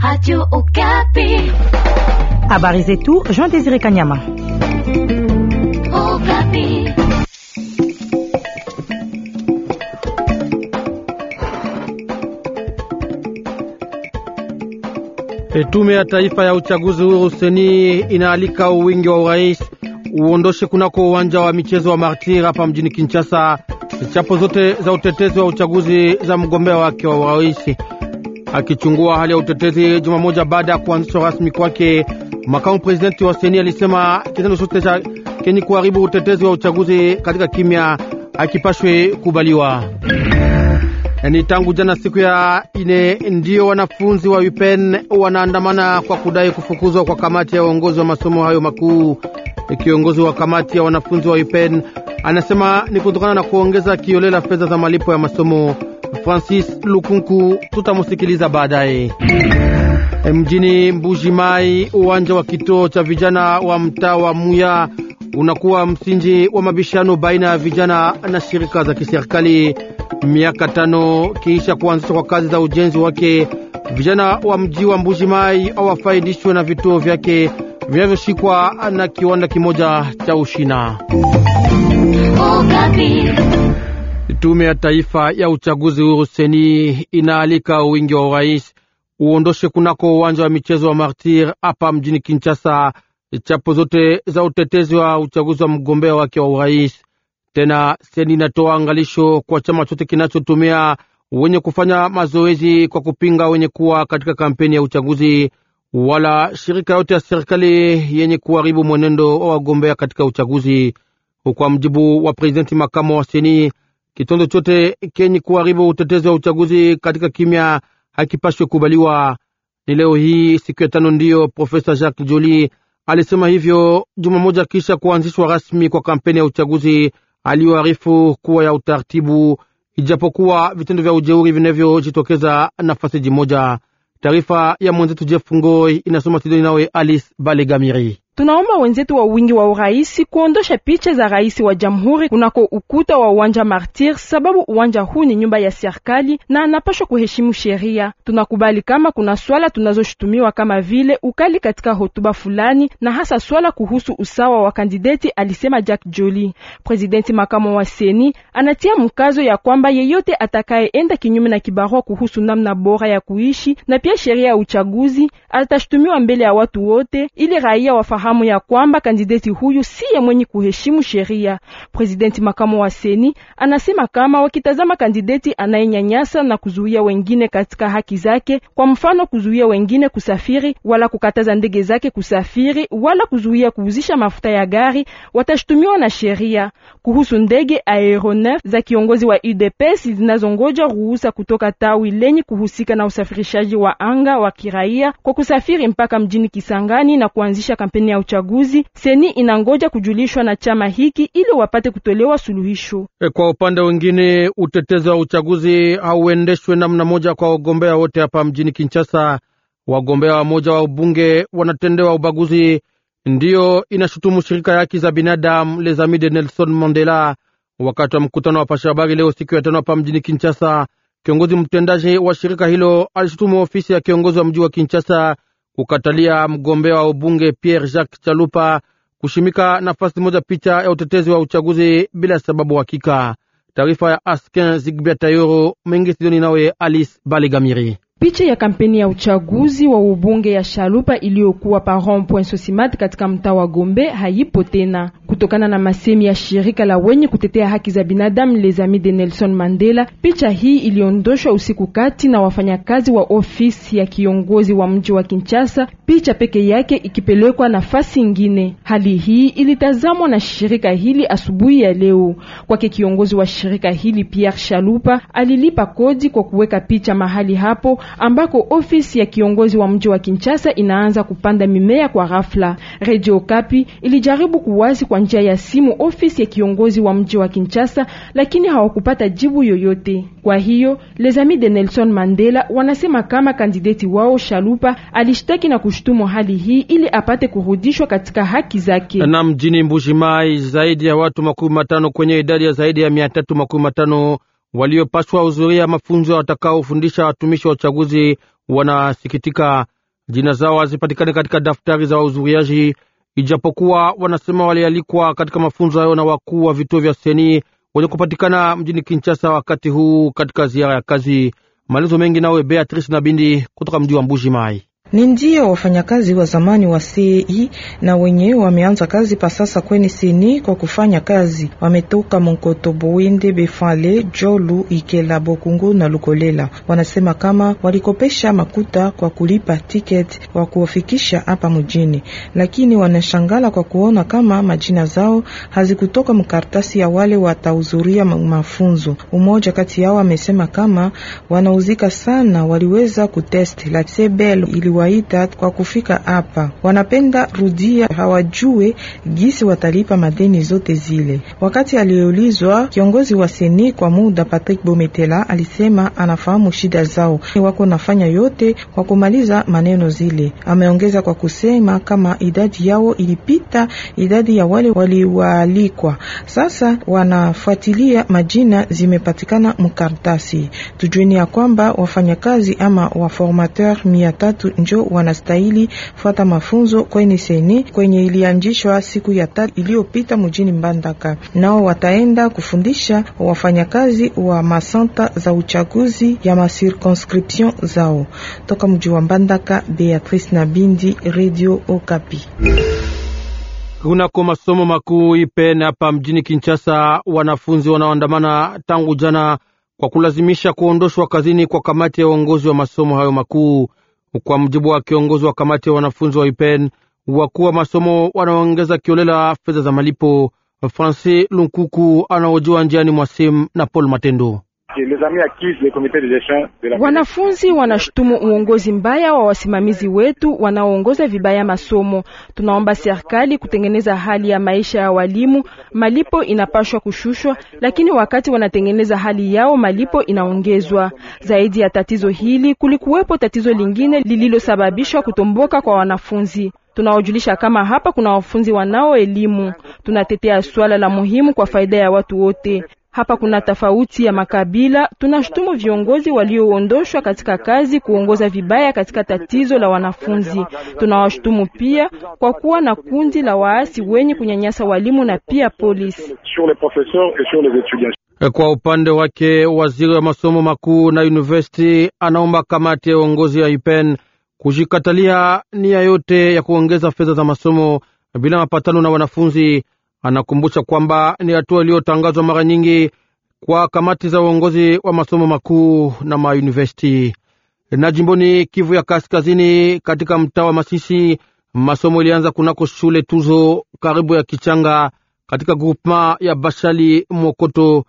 Radio Okapi. Habari zetu Jean Désiré Kanyama. Okapi. E, tume ya taifa ya uchaguzi huru seni inaalika uwingi wa urais uondoshe kunako uwanja wa michezo wa Martir hapa mjini Kinshasa chapo zote za utetezi wa uchaguzi za mgombea wake wa urais. Akichungua hali ya utetezi juma moja baada ya kuanzishwa rasmi kwake, makamu presidenti wa Seni alisema kitendo chote cha kenye kuharibu utetezi wa uchaguzi katika kimya akipashwe kubaliwa. Eh, ni tangu jana siku ya ine ndiyo wanafunzi wa UPEN wanaandamana kwa kudai kufukuzwa kwa kamati ya uongozi wa masomo hayo makuu. Eh, kiongozi wa kamati ya wanafunzi wa UPEN anasema ni kutokana na kuongeza kiolela fedha za malipo ya masomo. Francis Lukunku, tutamusikiliza baadaye. Mjini Mbujimai, uwanja wa kituo cha vijana wa mtaa wa Muya unakuwa msingi wa mabishano baina ya vijana na shirika za kiserikali. Miaka tano kiisha kuanzishwa kwa kazi za ujenzi wake, vijana wa mji wa Mbujimai hawafaidishwe na vituo vyake vinavyoshikwa na kiwanda kimoja cha Ushina. Tume ya Taifa ya Uchaguzi huru seni inaalika wingi wa urais uondoshe kunako uwanja wa michezo wa Martir hapa mjini Kinshasa chapo zote za utetezi wa uchaguzi wa mgombea wake wa urais. Tena seni inatoa angalisho kwa chama chote kinachotumia wenye kufanya mazoezi kwa kupinga wenye kuwa katika kampeni ya uchaguzi wala shirika yote ya serikali yenye kuharibu mwenendo wa wagombea katika uchaguzi. Kwa mjibu wa prezidenti makamo wa seni Kitendo chote kenye kuharibu utetezi wa uchaguzi katika kimya hakipashwe kubaliwa. Ni leo hii siku ya tano ndiyo Profesa Jacques Joly alisema hivyo, juma moja kisha kuanzishwa rasmi kwa kampeni ya uchaguzi aliyoarifu kuwa ya utaratibu, ijapokuwa vitendo vya ujeuri vinavyojitokeza nafasi jimoja. Taarifa ya mwenzetu Jeff Ngoi inasoma Sidoni nawe Alice Balegamiri. Tunaomba wenzetu wa wingi wa urais kuondosha picha za rais wa jamhuri kunako ukuta wa uwanja Martir, sababu uwanja huu ni nyumba ya serikali na anapashwa kuheshimu sheria. Tunakubali kama kuna swala tunazoshutumiwa kama vile ukali katika hotuba fulani, na hasa swala kuhusu usawa wa kandideti, alisema Jack Jolie. Presidenti makamo wa Seni anatia mkazo ya kwamba yeyote atakayeenda kinyume na kibarua kuhusu namna bora ya kuishi na pia sheria ya uchaguzi atashutumiwa mbele ya watu wote, ili raia wafahamu fahamu ya kwamba kandideti huyu siye mwenye kuheshimu sheria. Presidenti makamo wa Seni anasema kama wakitazama kandideti anayenyanyasa na kuzuia wengine katika haki zake, kwa mfano kuzuia wengine kusafiri wala kukataza ndege zake kusafiri wala kuzuia kuuzisha mafuta ya gari, watashutumiwa na sheria. Kuhusu ndege aeronef za kiongozi wa UDPS zinazongoja ruhusa kutoka tawi lenye kuhusika na usafirishaji wa anga wa kiraia kwa kusafiri mpaka mjini Kisangani na kuanzisha kampeni ya uchaguzi, seni inangoja kujulishwa na chama hiki ili wapate kutolewa suluhisho. E, kwa upande wengine utetezi wa uchaguzi hauendeshwe namna moja kwa wagombea wote hapa mjini Kinshasa. Wagombea wamoja wa ubunge wanatendewa ubaguzi, ndiyo inashutumu shirika ya haki za binadamu Les Amis de Nelson Mandela wakati wa mkutano wa pasha habari leo siku ya tano hapa mjini Kinshasa. Kiongozi mtendaji wa shirika hilo alishutumu ofisi ya kiongozi wa mji wa Kinshasa kukatalia mgombea wa ubunge Pierre Jacques Chalupa kushimika nafasi moja picha ya utetezi wa uchaguzi bila sababu hakika. Taarifa ya Askin Zigbia Tayoro mengi Sidoni nawe Alice Baligamiri. Picha ya kampeni ya uchaguzi wa ubunge ya Shalupa iliyokuwa paron point sosimat katika mtaa wa Gombe haipo tena kutokana na masemi ya shirika la wenye kutetea haki za binadamu Les Amis de Nelson Mandela. Picha hii iliondoshwa usiku kati na wafanyakazi wa ofisi ya kiongozi wa mji wa Kinshasa, picha peke yake ikipelekwa nafasi ingine. Hali hii ilitazamwa na shirika hili asubuhi ya leo. Kwake kiongozi wa shirika hili Pierre Shalupa alilipa kodi kwa kuweka picha mahali hapo ambako ofisi ya kiongozi wa mji wa Kinshasa inaanza kupanda mimea kwa ghafla. Radio Kapi ilijaribu kuwazi kwa njia ya simu ofisi ya kiongozi wa mji wa Kinshasa, lakini hawakupata jibu yoyote. Kwa hiyo les amis de Nelson Mandela wanasema kama kandideti wao Shalupa alishtaki na kushutumu hali hii ili apate kurudishwa katika haki zake. Na mjini Mbuji Mai zaidi ya watu makumi matano kwenye idadi ya zaidi ya mia tatu makumi matano waliopaswa uzuria mafunzo watakaofundisha watumishi wa uchaguzi wanasikitika, jina zao hazipatikane katika daftari za wahudhuriaji, ijapokuwa wanasema walialikwa katika mafunzo hayo na wakuu wa vituo vya seni wenye kupatikana mjini Kinshasa wakati huu katika ziara ya kazi. Maelezo mengi nawe Beatrice Nabindi kutoka mji wa Mbuji Mai. Ni ndio wafanyakazi wa zamani wa CEI na wenye wameanza kazi pasasa kweni seni kwa kufanya kazi wametoka Monkoto, Bowende, Befale, Jolu, Ikela, Bokungu na Lukolela. Wanasema kama walikopesha makuta kwa kulipa tiketi wa kuwafikisha hapa mjini, lakini wanashangala kwa kuona kama majina zao hazikutoka mkaratasi ya wale watahudhuria mafunzo. Umoja kati yao amesema kama wanauzika sana, waliweza kutest la sebel kuwaita kwa kufika hapa, wanapenda rudia, hawajue gisi watalipa madeni zote zile. Wakati aliyeulizwa kiongozi wa seni kwa muda Patrick Bometela alisema anafahamu shida zao, wako nafanya yote kwa kumaliza maneno zile. Ameongeza kwa kusema kama idadi yao ilipita idadi ya wale waliwaalikwa, sasa wanafuatilia majina zimepatikana mkartasi. Tujueni ya kwamba wafanyakazi ama waformateur mia tatu njo wanastahili fuata mafunzo kwenye seni kwenye ilianzishwa siku ya tatu iliyopita mjini Mbandaka. Nao wataenda kufundisha wafanyakazi wa masanta za uchaguzi ya masirconscription zao. Toka mji wa Mbandaka, Beatrice Nabindi, Radio Okapi. Kunako masomo makuu ipen hapa mjini Kinshasa, wanafunzi wanaoandamana tangu jana kwa kulazimisha kuondoshwa kazini kwa kamati ya uongozi wa masomo hayo makuu. Kwa mjibu wa kiongozi wa kamati ya wanafunzi wa IPEN, wakuu wa masomo wanaongeza kiolela fedha za malipo. Francis Lunkuku anaojiwa njiani mwa simu na Paul Matendo. Wanafunzi wanashutumu uongozi mbaya wa wasimamizi wetu wanaoongoza vibaya masomo. Tunaomba serikali kutengeneza hali ya maisha ya walimu. Malipo inapashwa kushushwa, lakini wakati wanatengeneza hali yao, malipo inaongezwa. Zaidi ya tatizo hili, kulikuwepo tatizo lingine lililosababishwa kutomboka kwa wanafunzi tunaojulisha kama hapa kuna wafunzi wanao elimu. Tunatetea swala la muhimu kwa faida ya watu wote. Hapa kuna tofauti ya makabila. Tunashutumu viongozi walioondoshwa katika kazi kuongoza vibaya katika tatizo la wanafunzi. Tunawashutumu pia kwa kuwa na kundi la waasi wenye kunyanyasa walimu na pia polisi. Kwa upande wake, waziri wa masomo makuu na university anaomba kamati ya uongozi ya IPEN kujikatalia nia yote ya kuongeza fedha za masomo bila mapatano na wanafunzi Anakumbusha kwamba ni hatua iliyotangazwa mara nyingi kwa kamati za uongozi wa masomo makuu na mauniversiti. Na jimboni Kivu ya Kaskazini, katika mtaa wa Masisi, masomo ilianza kunako shule Tuzo karibu ya Kichanga katika grupema ya Bashali Mokoto.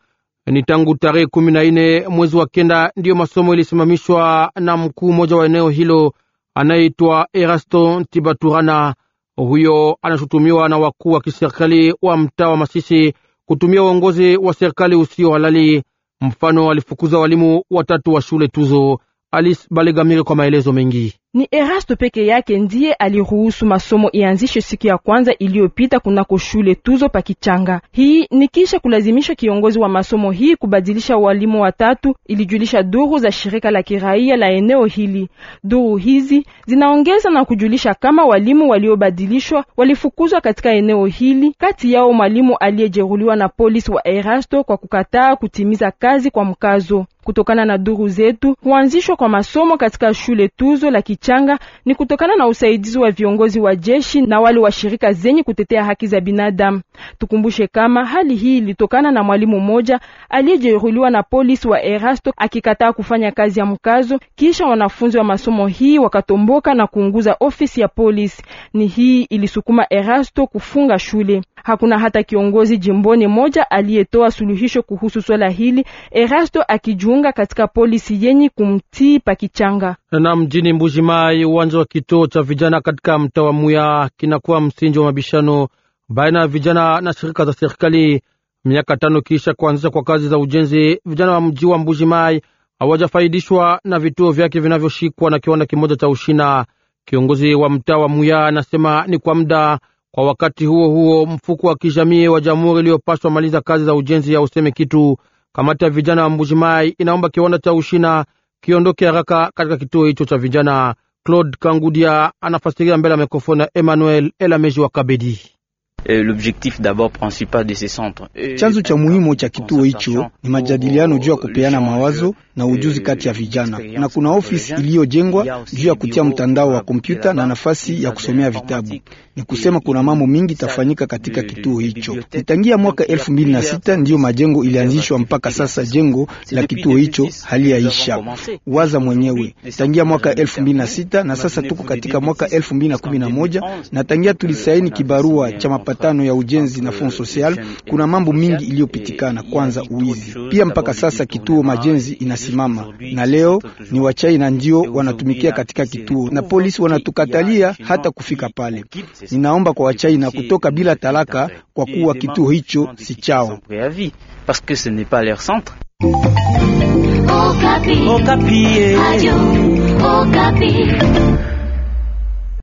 Ni tangu tarehe kumi na nne mwezi wa kenda ndiyo masomo ilisimamishwa na mkuu mmoja wa eneo hilo anayeitwa erasto Tibaturana. Huyo anashutumiwa na wakuu wa kiserikali wa mtaa wa Masisi kutumia uongozi wa serikali usio halali. Mfano, alifukuza walimu watatu wa shule Tuzo. Alice Balegamire kwa maelezo mengi ni Erasto peke yake ndiye aliruhusu masomo ianzishwe siku ya kwanza iliyopita kunako shule Tuzo pa Kichanga. Hii ni kisha kulazimishwa kiongozi wa masomo hii kubadilisha walimu watatu, ilijulisha duru za shirika la kiraia la eneo hili. Duru hizi zinaongeza na kujulisha kama walimu waliobadilishwa walifukuzwa katika eneo hili, kati yao mwalimu aliyejeruliwa na polisi wa Erasto kwa kukataa kutimiza kazi kwa mkazo. Kutokana na duru zetu, kuanzishwa kwa masomo katika shule Tuzo la Kichanga changa ni kutokana na usaidizi wa viongozi wa jeshi na wale wa shirika zenye kutetea haki za binadamu. Tukumbushe kama hali hii ilitokana na mwalimu mmoja aliyejeruhiwa na polisi wa Erasto akikataa kufanya kazi ya mkazo, kisha wanafunzi wa masomo hii wakatomboka na kuunguza ofisi ya polisi. Ni hii ilisukuma Erasto kufunga shule. Hakuna hata kiongozi jimboni moja aliyetoa suluhisho kuhusu swala hili, Erasto akijiunga katika polisi yenye kumtii pakichanga. Na mjini Mbujimai, uwanja wa kituo cha vijana katika mtaa wa Muya kinakuwa msingi wa mabishano baina ya vijana na shirika za serikali. Miaka tano kisha kuanzisha kwa kazi za ujenzi, vijana wa mji wa Mbujimai hawajafaidishwa na vituo vyake vinavyoshikwa na kiwanda kimoja cha Ushina. Kiongozi wa mtaa wa Muya anasema ni kwa muda kwa wakati huo huo, mfuko wa kijamii wa jamhuri iliyopaswa maliza kazi za ujenzi ya useme kitu. Kamati ya vijana wa Mbujimai inaomba kiwanda cha ushina kiondoke haraka katika kituo hicho cha vijana. Claude Kangudia anafasiria mbele ya mikrofoni ya Emmanuel Elameji wa Kabedi. L'objectif d'abord principal de Chanzo cha muhimu cha kituo hicho ni majadiliano juu ya kupeana mawazo na ujuzi kati ya vijana, na kuna ofisi iliyojengwa juu ya kutia mtandao wa kompyuta na nafasi ya kusomea vitabu. Ni kusema kuna mambo mingi itafanyika katika kituo hicho. Nitangia mwaka elfu mbili na sita ndiyo majengo ilianzishwa mpaka sasa jengo la kituo hicho hali haliyaisha. Waza mwenyewe, tangia mwaka elfu mbili na sita na sasa tuko katika mwaka elfu mbili na kumi na moja na tangia tulisaini kibarua cha mapatano ya ujenzi na Fond Social, kuna mambo mingi iliyopitikana. Kwanza uwizi, pia mpaka sasa kituo majenzi ina wanasimama, na leo ni Wachina ndio wanatumikia katika kituo na polisi wanatukatalia hata kufika pale. Ninaomba kwa Wachina kutoka bila talaka, kwa kuwa kituo hicho si chao. Okapi. Okapi.